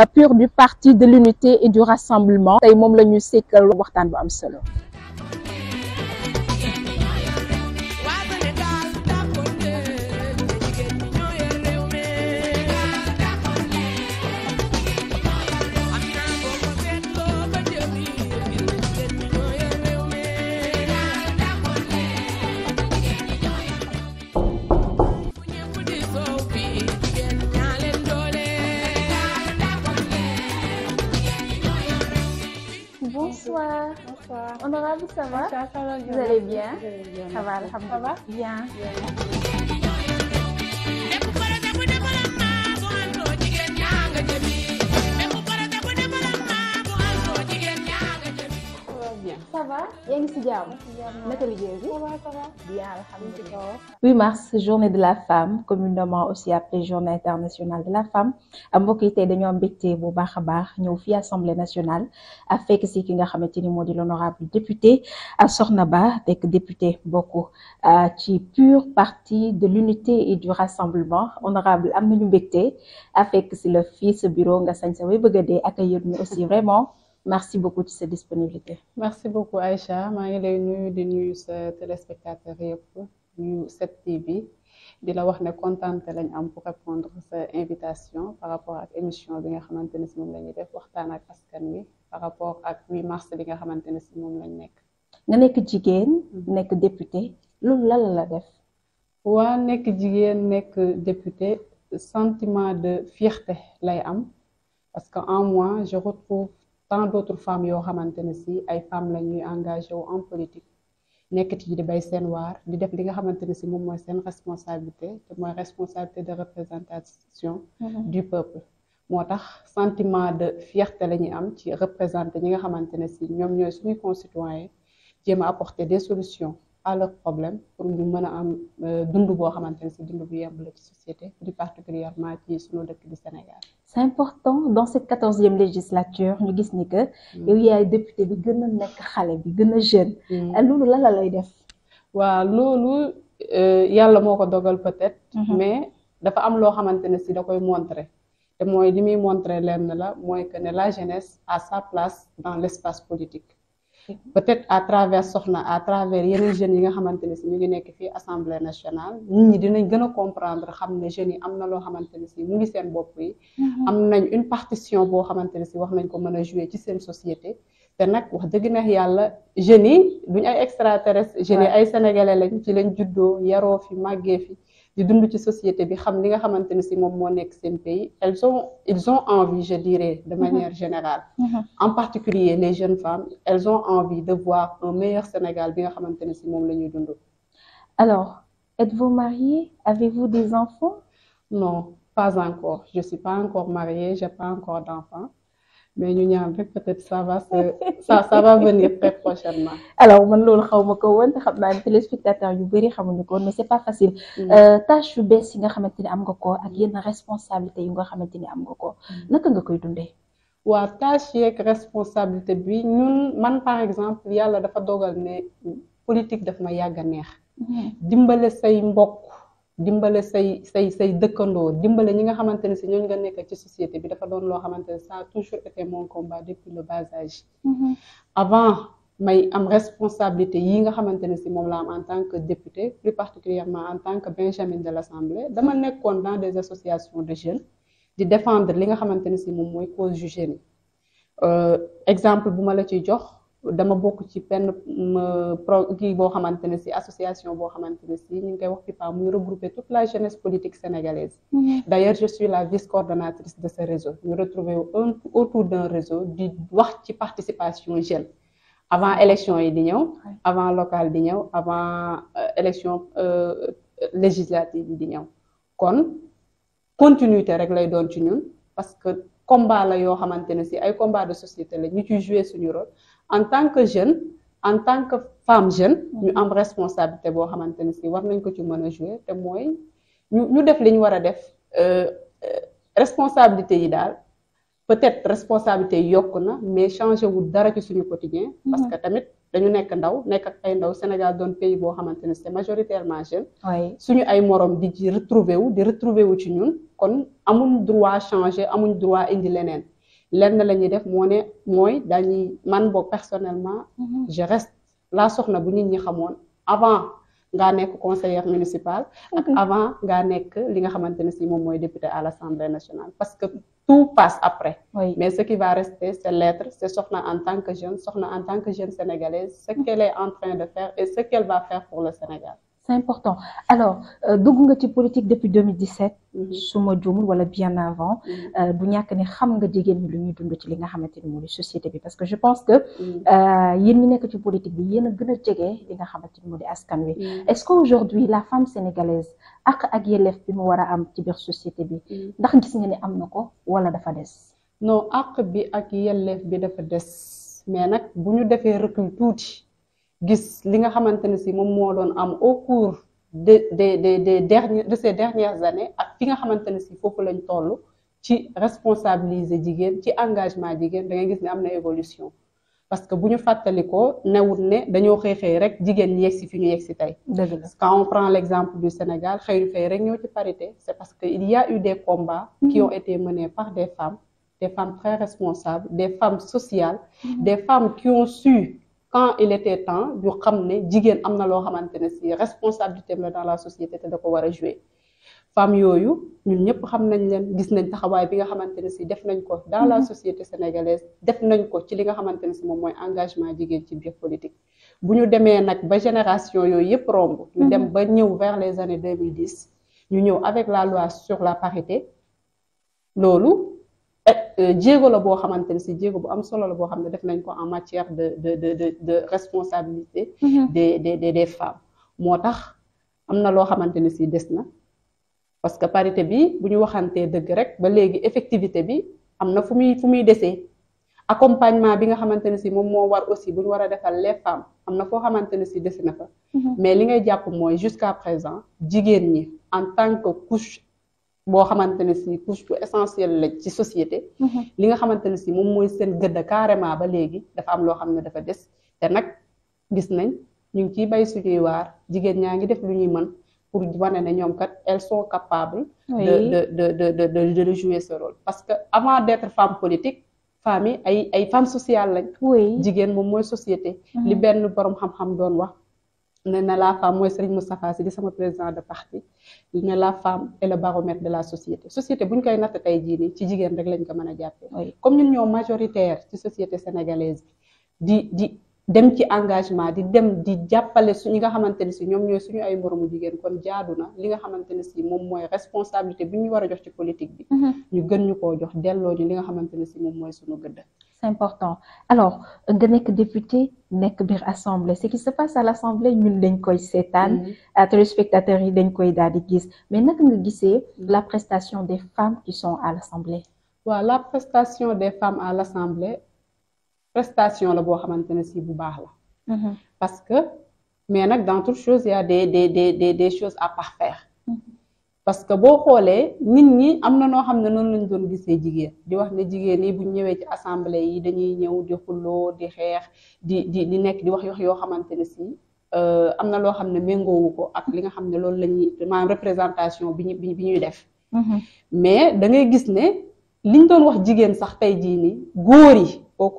Euh, pur du parti de l'unité et du rassemblement tey moom la ñu sekkal waxtaan bu am solo bonsoir. Honorable, ça va ça, ça va, Vous allez bien Ça va, alhamdoulilah. Ça va Bien. bien. va. yaa mars journée de la femme communément aussi appelée journée internationale de la femme ah, mbokk yi tey dañoo mbégte bu baax a baax ñëw fii assemblée nationale a ah, si ki nga xamante ni moo di l'honorable député ah, Soxna Ba nekk député bokk ci pur parti de l'unité et du rassemblement honorable am nañu mbégte a fekk si la fii sa bureau nga sañ sa way bëgg a dee accueillir ñu aussi vraiment. merci beaucoup ci sa disponibilité. merci beaucoup Aïcha maa ngi lay nuyu di nuyu sa téléspectateur yëpp nuyu 7TV di la wax ne contente lañ am pour répondre sa invitation par rapport ak émission bi nga xamante ne si moom la ñuy def waxtaan ak askan wi par rapport ak 8 mars bi nga xamante ne si moom lañ nekk. nga nekk jigéen. Mhm. nekk député loolu lan la def. waa nekk jigéen nekk député sentiment de fierté lay am parce que en moi tant d'autres femmes yoo xamante ne si ay femmes la ñuy engagé wu en politique nekk ci di bay seen waar di def li nga xamante ne si moom mooy seen responsabilité te mooy responsabilité de représentation mhm. du peuple moo tax sentiment de fierté la ñuy am ci représenter ñi nga xamante ne si ñoom ñooy suñuy concitoyens jéem a apporter des solutions à leur problème pour ñu mën a am euh, dund boo xamante ne si dund bu yemb la ci société plus particulièrement ci sunu dëkk di Sénégal. c'est important dans cette quatorzième législature ñu gis ni que. Mm. yow yaay député bi gën a nekk xale bi gën a jeune. Mm. Euh, loolu lan la lay def. waaw loolu euh, yàlla moo ko dogal peut mm-hmm. mais dafa am loo xamante ne si da koy montrer. te mooy li muy montrer lenn la mooy que ne la jeunesse à sa place dans l'espace politique. peut-être à travers Soxna à travers yeneen jeunes yi nga xamante ne si ñu ngi nekk fii assemblée nationale nit ñi dinañ gën a comprendre xam ne jeunes yi am na loo xamante ne si mu ngi seen bopp yi. Mm-hmm. am nañ une partition boo xamante ne si wax nañ ko mën a jouer ci seen société. te nag wax dëgg neex yàlla jeunes yi duñ ay extraterrestres. jeunes yi ay sénégalais lañ ci lañ juddoo yaroo fi màggee fi. di dund ci société bi xam li nga xamante ne si moom moo nekk seen pays elles ont ils ont envie je dirais de mm-hmm. manière générale mm-hmm. en particulier les jeunes femmes elles ont envie de voir un meilleur Sénégal bi nga xamante ne si moom la ñuy dund alors êtes-vous mariée avez-vous des enfants non pas encore je suis pas encore mariée j'ai pas encore d'enfants mais ñu ñaan rek peut-être ça va ça ça va venir très prochainement. alors man loolu xaw ma ko woon xam naa ne téléspectateur yu bëri xamuñu ko woon mais c'est pas facile. Mm. Euh, tâche yu bees yi nga xamante ni am nga ko ak yenn responsabilité yi nga xamante ni am nga ko mm. naka nga koy dundee. waa tâche yeeg responsabilité bi ñun man par exemple yàlla dafa dogal ne politique daf ma yàgg a neex. Mm. dimbale say mbokk. dimbale say say say dëkkandoo dimbale ñi nga xamante ne si ñooñu nga nekk ci société bi dafa doon loo xamante ne a toujours été mon combat depuis le bas âge mm-hmm. avant may am responsabilité yi nga xamante ne si moom la am en tant que député plus particulièrement en tant que Benjamin de l'Assemblée dama nekkoon dans des associations de jeunes di défendre li nga xamante ne si moom mooy cause ju jeune exemple bu ma la ciy jox dama bokk ci benn mm, pro kii boo xamante ne si association boo xamante ne si ñu ngi koy wax FIPA muy regrouper toute la jeunesse politique sénégalaise. Mm-hmm. d' ailleurs je suis la vice coordonnatrice de ce réseau. ñu retrouver un autour d' réseau di wax ci participation jeune. avant élection yi di ñëw. avant local di ñëw avant euh, élection euh, législative yi di ñëw. kon continuité rek lay doon ci ñun parce que combat la yoo xamante ne si ay combat de société la ñu ciy jouer suñu rôle. en tant que jeune en tant que femme jeune ñu am responsabilité boo xamante ne si war nañ ko ci mën a jouer te mooy ñu ñu def li ñu war a def euh, responsabilité yi daal peut-être responsabilité yi yokk na mais changé wu dara ci suñu quotidien mm-hmm. parce que tamit dañu nekk ndaw nekk ak ay ndaw Sénégal don pays boo xamante ne c'est majoritairement jeune suñu ay morom di retrouver wu di retrouver wu ci ñun kon amuñ droit changé amuñ droit indi leneen lenn la ñuy def moo ne mooy dañuy man boog personnellement. Mhm. je reste la soxna bu nit ñi xamoon avant ngaa nekk conseillère municipale. ak mhm. avant ngaa nekk li nga xamante ne si moom mooy député à l' assemblée nationale parce que. tout passe après. Oui. Mais ce qui va rester, c'est l'être, c'est Sokhna tant que jeune, Sokhna en tant que jeune sénégalaise, ce mhm. qu'elle est en train de faire et ce qu'elle va faire pour le Sénégal. c'est important alors euh, dugg nga ci politique depuis 2017. Mhm. su ma wala bien avant. du mhm. euh, ñàkk ne xam nga jigéen ñi lu ñuy dund ci li nga xamante ni mooy société bi parce que je pense que. Mhm. Euh, yéen ñi nekk ci politique bi yéen a gën a jege li nga xamante ni moo di askan wi. est-ce que aujourd'hui la femme sénégalaise ak ak yelleef bi mu war a am ci biir société bi. ndax gis nga ne am na ko wala dafa des. non àq bi ak yelleef bi dafa des mais nag bu ñu defee recul tuuti. gis li nga xamante ne si moom moo doon am au cours de de de de dernier de ces dernières années ak fi nga xamante ne si foofu lañ toll ci responsabiliser jigéen ci engagement jigéen da ngay gis ne am na évolution parce que bu ñu fàttalikoo newut ne dañoo xëy xëy rek jigéen ñi yegg si fi ñu yegg si tey. dëgg la quand on prend l' exemple du Sénégal xëy xëy rek ñëw ci parité c' est parce que il y a eu des combats. Mm-hmm. qui ont été menés par des femmes des femmes très responsables des femmes sociales. Mm-hmm. quand il était temps ñu xam ne jigéen am na loo xamante ne si responsabilité la dans la société te da ko war a jouer femme yooyu ñun ñëpp xam nañ leen gis nañ taxawaay bi nga xamante ne si def nañ ko dans la mm-hmm. société sénégalaise def nañ ko ci li nga xamante ne si moom mooy engagement jigéen ci biir politique bu ñu demee nag ba génération yooyu yëpp romb ñu mm-hmm. dem ba ñëw vers les années 2010 ñu ñëw avec la loi sur la parité loolu Eh, euh, jéego la boo xamante ne si jéego bu am solo la boo xam ne def nañ ko en matière de de de de de responsabilité. Mm-hmm. des des des des moo tax am na loo xamante ne si des na parce que parité bi bu ñu waxantee dëgg rek ba léegi effectivité bi am na fu muy fu muy desee accompagnement bi nga xamante ne si moom moo war aussi bu ñu war a defal les am na foo xamante ne si desi na fa. Mm-hmm. mais li ngay jàpp mooy jusqu'à présent jigéen ñi en tant que couche. boo xamante ne si couche bu essentielle la ci société. Mm-hmm. li nga xamante ne si moom mooy seen gëdd carrément ba léegi dafa am loo xam ne dafa des te nag gis nañ ñu ngi ciy bay suñuy waar jigéen ñaa ngi def lu ñuy man pour wane ne ñoom kat elles sont capables. de de de de de de jouer ce parce que avant d' être femme politique femmes yi ay ay femmes sociales lañ. jigéen moom mooy société. Mm-hmm. li benn borom xam-xam doon wax. ne na la femme mooy mu Moustapha si di sama président de parti ne la femme est le baromètre de la société société bu ñu koy natt tey jii ci jigéen rek lañ ko mën a jàppee. comme ñun ñoo majoritaire ci société sénégalaise di di dem ci engagement di dem di jàppale su ñi nga xamante ni si ñoom ñooy suñu ay moromu jigéen kon jaadu na li nga xamante ni si moom mooy responsabilité bi ñu war a jox ci politique bi. Mm-hmm. ñu gën ñu koo jox delloo ñu li nga xamante ni si moom mooy suñu gëdd. c'est important alors nga nekk député nekk biir assemblée ce qui se passe à l'assemblée ñun dañ koy seetaan mhm. téléspectateurs yi dañ koy daal di gis mais naka nga gisee mhm. la prestation des femmes qui sont à l'assemblée la prestation des femmes à l'assemblée prestation la boo xamante ne si bu baax la mhm. parce que mais nag dans toute chose il a des des des des choses à parfaire parce que boo xoolee nit ñi am na noo xam ne noonu lañ doon gisee jigéen di wax ne jigéen yi buñ ñëwee ci assemblée yi dañuy ñëw di xulloo di xeex di di nekk di wax wax yoo xamante ne si euh, am na loo xam ne méngoowu ko ak li nga xam ne loolu la ñuy représentation bi ñu bi ñuy def mm-hmm. mais da ngay gis ne liñ doon wax jigéen sax tey jii ni góor yi au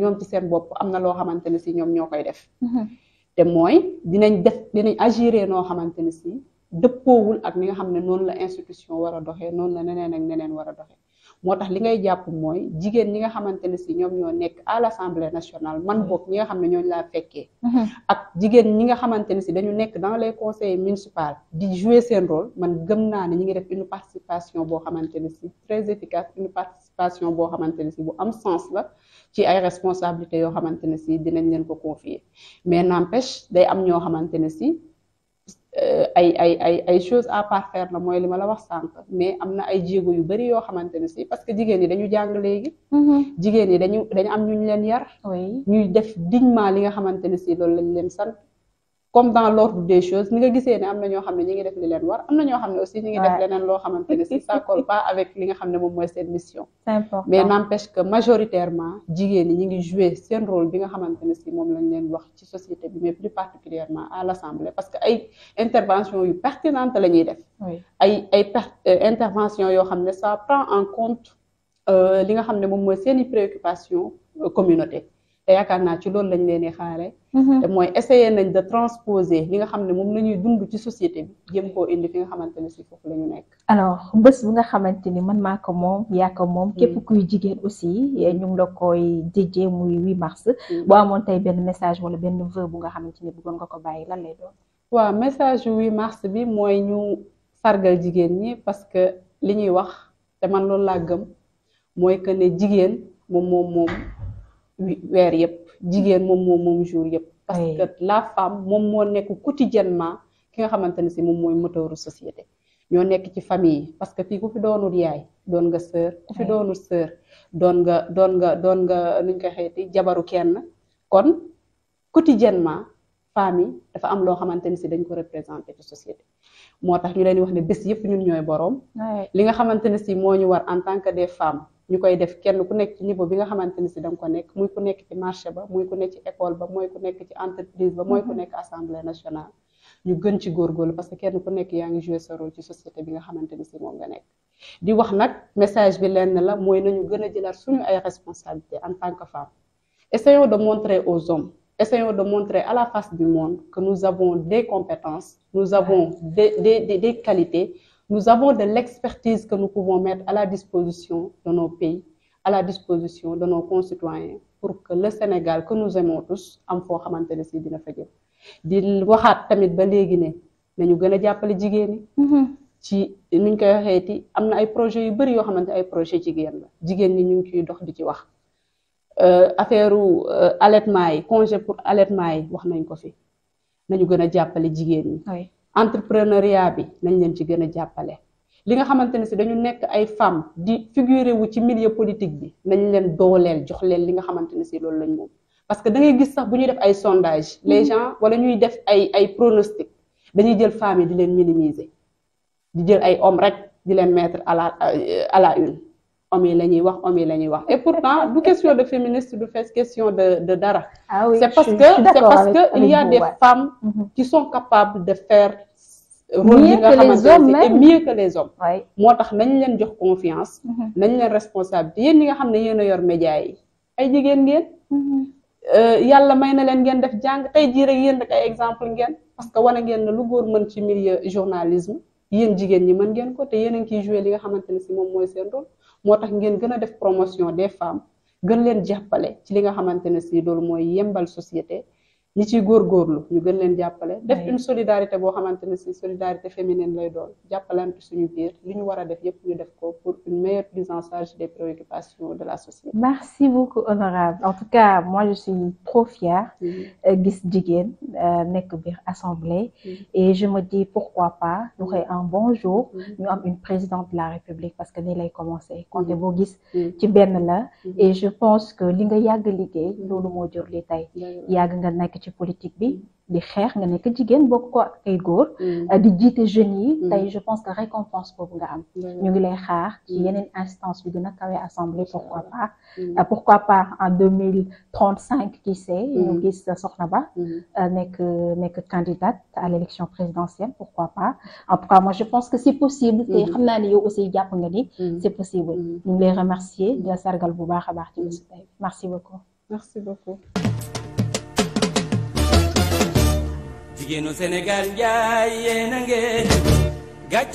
ñoom ci seen bopp am na loo xamante ne si ñoom ñoo koy def mm-hmm. te mooy dinañ def dinañ agiré noo xamante ne si dëppoowul ak ni nga xam ne noonu la institution war a doxee noonu la neneen ak neneen war a moo tax li ngay jàpp mooy jigéen ñi nga xamante ne si ñoom ñoo nekk à l' assemblée nationale man mm-hmm. boog ñi nga xam ne ñooñu laa fekkee mm-hmm. ak jigéen ñi nga xamante ne si dañu nekk dans les conseils municipaux di jouer seen rôle man gëm naa ne ñi ngi def une participation boo xamante ne si très efficace une participation boo xamante ne si bu am sens la ci ay responsabilité yoo xamante ne si dinañ leen ko mais n'empêche day am ñoo xamante ne si Euh, ay ay ay ay choses à parfaire la mooy li ma la wax sànq mais am na ay jéego yu bari yoo xamante ne si parce que jigéen ñi dañu jàng léegi. Mm-hmm. jigéen ñi dañu dañu am ñu ñu leen yar. ñuy def dignement li nga xamante ne si loolu lañ leen sal comme dans l'ordre des choses ni nga gisee ne am na ñoo xam ne ñi ngi def li leen war am na ñoo xam ne aussi ñi ngi def leneen loo xamante ne si ça ne moom mooy seen mission mais n'empêche que majoritairement jigéen ñi ñi ngi jouer seen rôle bi nga xamante ne si moom lañ leen wax ci société bi mais plus particulièrement à l'Assemblée parce que ay intervention yu pertinente la ñuy def ay ay euh, intervention yoo xam ne ça prend en compte euh, li nga xam ne moom mooy seen i préoccupation euh, communauté te yaakaar naa ci loolu lañ leen di xaare mhm. te mooy essayer nañ de transposer li nga xam ne moom la ñuy dund ci société bi jéem koo indi fi nga xamante ne si foofu lañu nekk alors bés bu nga xamante ni man maa ko moom yaa ko moom mm. képp kuy jigéen aussi eh, ñu ngi la koy déjee mu 8 mars mm. boo amoon tey benn message wala benn vœu bu nga xamante ni bëggoon nga ko bàyyi lan lay doon waaw message 8 mars bi mooy ñu sargal jigéen ñi parce que li ñuy wax te man loolu laa gëm mooy que ne jigéen moom moom moom weer yëpp jigéen moom moom moom jour yëpp parce que la femme moom moo nekk quotidiennement ki nga xamante ne si moom mooy moteuru société ñoo nekk ci famille yi parce que fii ku fi doonul yaay doon nga sœur ku fi doonul sœur doon nga doon nga doon nga nuñ ko xeeti jabaru kenn kon côté quotidiennement femme yi dafa am loo xamante ni si dañ ko représenté ci société moo tax ñu leen di wax ne bés yëpp ñun ñooy boroom li nga xamante ne war en tant que des femmes ñu koy def kenn ku nekk ci niveau bi nga xamante ni si da nga ko nekk muy ku nekk ci marché ba muy ku nekk ci école ba muy ku nekk ci entreprise ba muy ku mhm. nekk assemblée nationale ñu gën ci góorgóorlu parce que kenn ku nekk yaa ngi joué sa rôle ci société bi nga xamante ni si moom nga nekk di wax nag message bi lenn la mooy nañu gën a jëlaat suñu ay responsabilité en tant que femme essayons de montrer aux hommes essayons de montrer à la face du monde que nous avons des compétences nous avons des des des, Nous avons de l'expertise que nous pouvons mettre à la disposition de nos pays, à la disposition de nos concitoyens pour que le Sénégal que nous aimons tous am foo xamante ne si dina fa jëm di waxaat tamit ba léegi ne nañu gën a jàppale jigéen ñi. Mm-hmm. ci nuñ koy waxee ti am na ay projets yu bëri yoo xamante ay projet jigéen la jigéen ñi ñu ngi ciy dox di ci wax. Euh, affaire euh, allaitement yi congé pour allaitement yi wax nañ ko fi nañu gën a jàppale jigéen ñi. entrepreneuriat bi nañ leen ci gën a jàppale li nga xamante ne si dañu nekk ay femme di figurer wu ci milieu politique bi nañ leen dooleel jox leen li nga xamante ne si loolu lañ moom parce que da ngay gis sax bu ñuy def ay sondage mm-hmm. les wala ñuy def ay ay pronostic dañuy jël femme yi di leen minimiser di jël ay hommes rek di leen mettre à la à la une homme yi la ñuy wax homme la ñuy wax et pourtant du question de féministe du fait question de dara. Ah c'est parce que il y a vous, des ouais. femmes mm-hmm. qui sont capables de faire. rôle yi nga xamante ne c'est mieux que les hommes. moo tax nañ leen jox confiance. Mm-hmm. nañ leen responsabilité yéen ñi nga xam ne yen a yor média yi ay jigéen ngeen. Mm-hmm. Euh, yàlla may na leen ngeen def jàng tey jii rek yéen rek ay exemple ngeen parce que wane ngeen ne lu góor mën ci milieu journalisme yéen jigéen ñi mën ngeen ko te yéen a ngi ciy joué li nga seen moo tax ngeen gën a def promotion des femmes gën leen jàppale ci li nga xamante ne si loolu mooy yembal société ñi ciy góorgóorlu ñu gën leen jàppale def une solidarité boo xamante ne si solidarité féminine lay doon jàppalante suñu biir lu ñu war a def yépp ñu def ko pour une meilleure prise en sage des préoccupations de la société merci beaucoup honorable en tout cas moi je suis trop fière mm-hmm. euh, gis jigéen euh, nekk biir assemblée mm-hmm. et je me dis pourquoi pas ñu xëy un bon jour mm-hmm. ñu am une présidente de la république parce que nii lay commencé compté boo gis ci benn la et je pense que li nga yàgg liggéey loolu moo jur li tey yàgg nga nekk ci politique bi di xeex nga nekk jigéen bokk ko ak ay góor. Mm. di jiite jeunes yi. Mm. tey je pense que récompense boobu nga am. Mm. ñu ngi lay xaar ci yeneen instance bi gën a kawe assemblée pourquoi pas. Euh, pourquoi pas en deux mille trente cinq qui sait. ñu gis Soxna Ba. Euh, nekk nekk candidate à l' élection présidentielle pourquoi pas en tout cas moi je pense que c' est possible. te xam naa ne yow aussi jàpp nga ni. c' est possible ñu ngi lay remercier di la sargal bu baax a baax ci bésu tey merci beaucoup. jigéenu Sénégal njaay yéen a ngeen